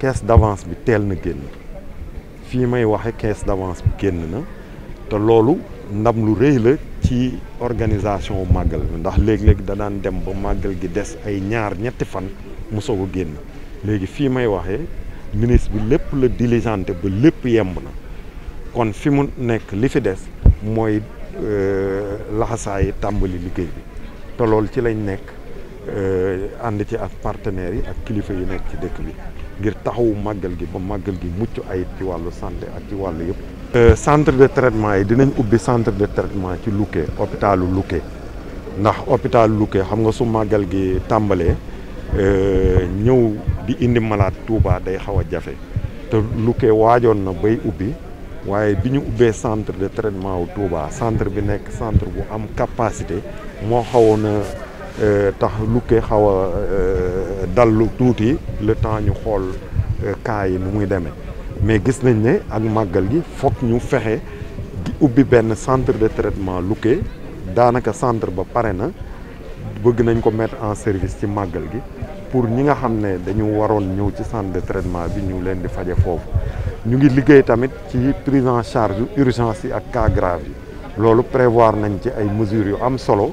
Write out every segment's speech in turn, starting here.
caisse d'avance bi teel na génn fii may waxe caisse d'avance bi génn na te loolu ndam lu rëy la ci organisation màggal ndax léegi-léegi danaan dem ba màggal gi des ay ñaar ñetti fan mu soog a génn léegi fii may waxee ministre bi lépp la diligenté ba lépp yemb na kon fi mu nekk li fi des mooy euh, laxasaayi tàmbali liggéey bi te loolu ci lañ nekk euh, ànd ci ak partenaires yi ak kilifa yi nekk ci dëkk bi ngir taxawu màggal gi ba màggal gi mucc ayib ci wàllu santé ak ci wàllu yëpp. Euh, centre de traitement yi dinañ ubbi centre de traitement ci Louké hôpitalu Louké ndax hôpitalu Louké xam nga su màggal gi tàmbalee euh, ñëw di indi malaat tuubaa day xaw a jafe te Louké waajoon na bay ubbi. waaye bi ñu ubbee centre de traitement wu tuubaa centre bi nekk centre bu am capacité moo xawoon Euh, tax lukkee xaw a euh, dallu tuuti le temps ñu xool euh, cas yi nu muy demee mais gis nañ ne ak màggal yi fokk ñu fexe di ubbi benn centre de traitement lukkee daanaka centre ba pare na bëgg nañ ko mettre en service ci màggal gi pour ñi nga xam ne dañu waroon ñëw ci centre de traitement bi ñu leen di faje foofu ñu ngi liggéey tamit ci prise en charge urgence yi ak cas grave yi loolu prévoir nañ ci ay mesures yu am solo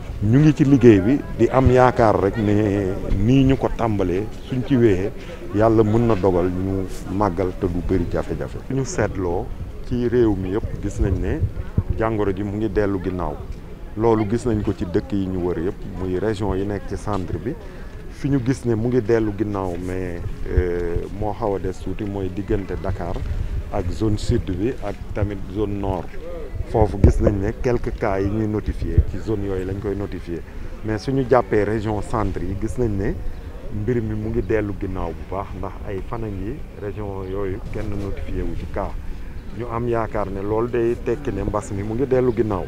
ñu ngi ci liggéey bi di am yaakaar rek ne nii ñu ko tàmbalee suñ ci wéyee yàlla mën na dogal ñu màggal te du bëri jafe-jafe. ñu seetloo ci réew mi yëpp gis nañ ne jàngoro ji mu ngi dellu ginnaaw loolu gis nañ ko ci dëkk yi ñu wër yëpp muy région yi nekk ci centre bi fi ñu gis ne mu ngi dellu ginnaaw mais euh, moo xaw a des tuuti mooy diggante Dakar ak zone sud bi ak tamit zone nord. fofu gis nañ ne quelques cas yi ñuy notifié ci zone yooyu lañ koy notifié mais suñu jàppee région centre yi gis nañ ne mbir mi mu ngi dellu ginnaaw bu baax ndax ay fan a ngi région yooyu kenn notifié wu ci cas ñu am yaakaar ne loolu day tekki ne mbas mi mu ngi dellu ginnaaw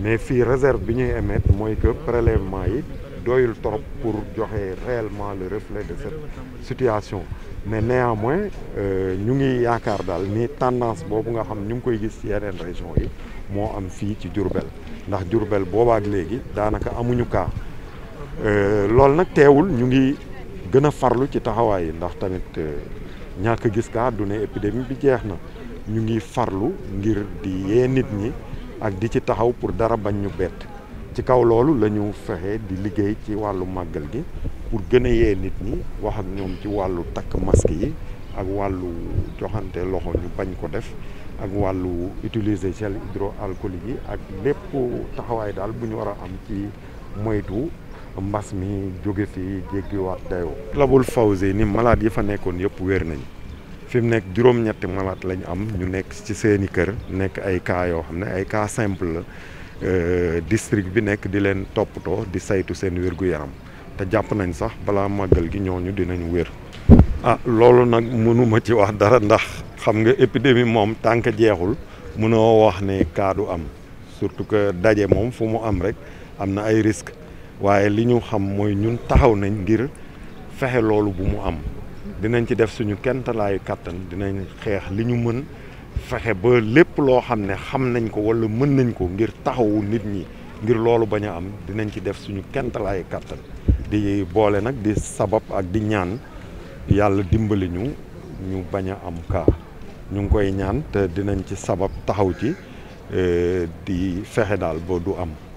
mais fii réserve bi ñuy émettre mooy que prélèvement yi doyul trop pour joxe réellement le reflet de cette situation mais néanmoins euh, ñu ngi yaakaar daal ni tendance boobu nga xam ñu ngi koy gis ci yeneen région yi moo am fii ci Diourbel ndax Diourbel boobaak léegi daanaka amuñu cas euh, loolu nag teewul ñu ngi gëna farlu ci taxawaay ndax tamit euh, ñàkk gis cas du épidémie bi jeex ñu ngi farlu ngir di yee nit ñi ak di ci taxaw pour dara bañ ñu bett ci kaw loolu lañu ñu fexe di liggéey ci wàllu màggal gi pour gën a yee nit ñi wax ak ñoom ci wàllu takk masque yi ak wàllu joxante loxo ñu bañ ko def ak wàllu utiliser gel hydroalcoolique yi ak lépp taxawaay daal bu ñu war a am ci moytu mbas mi jóge fi jéggiwaat dayoo. Matlaboul Fawzeyni malade yi fa nekkoon yëpp wér nañ fi mu nekk juróom-ñetti malade lañ am ñu nekk ci seeni kër nekk ay kaa yoo xam ne ay cas simple la. Euh, district bi nekk di leen toppatoo di saytu seen wér-gu-yaram te jàpp nañ sax balaa màggal gi ñooñu dinañu wér ah loolu nag mënuma ci wax dara ndax xam nga épidémie moom tànk jeexul mënoo wax ne kaadu am surtout que daje moom fu mu am rek am na ay risques waaye li ñu xam mooy ñun taxaw nañ ngir fexe loolu bu mu am dinañ ci def suñu kentalaayu kàttan dinañ xeex li ñu mën fexe ba lépp loo xam ne xam nañ ko wala mën nañ ko ngir taxawu nit ñi ngir loolu bañ am dinañ ci def suñu kentalaay kattan di boole nak, di sabab ak di ñaan yàlla dimbali ñu ñu bañ am kaa ñu ngi koy ñaan te dinañ ci sabab taxaw ci eh, di fexe daal ba du am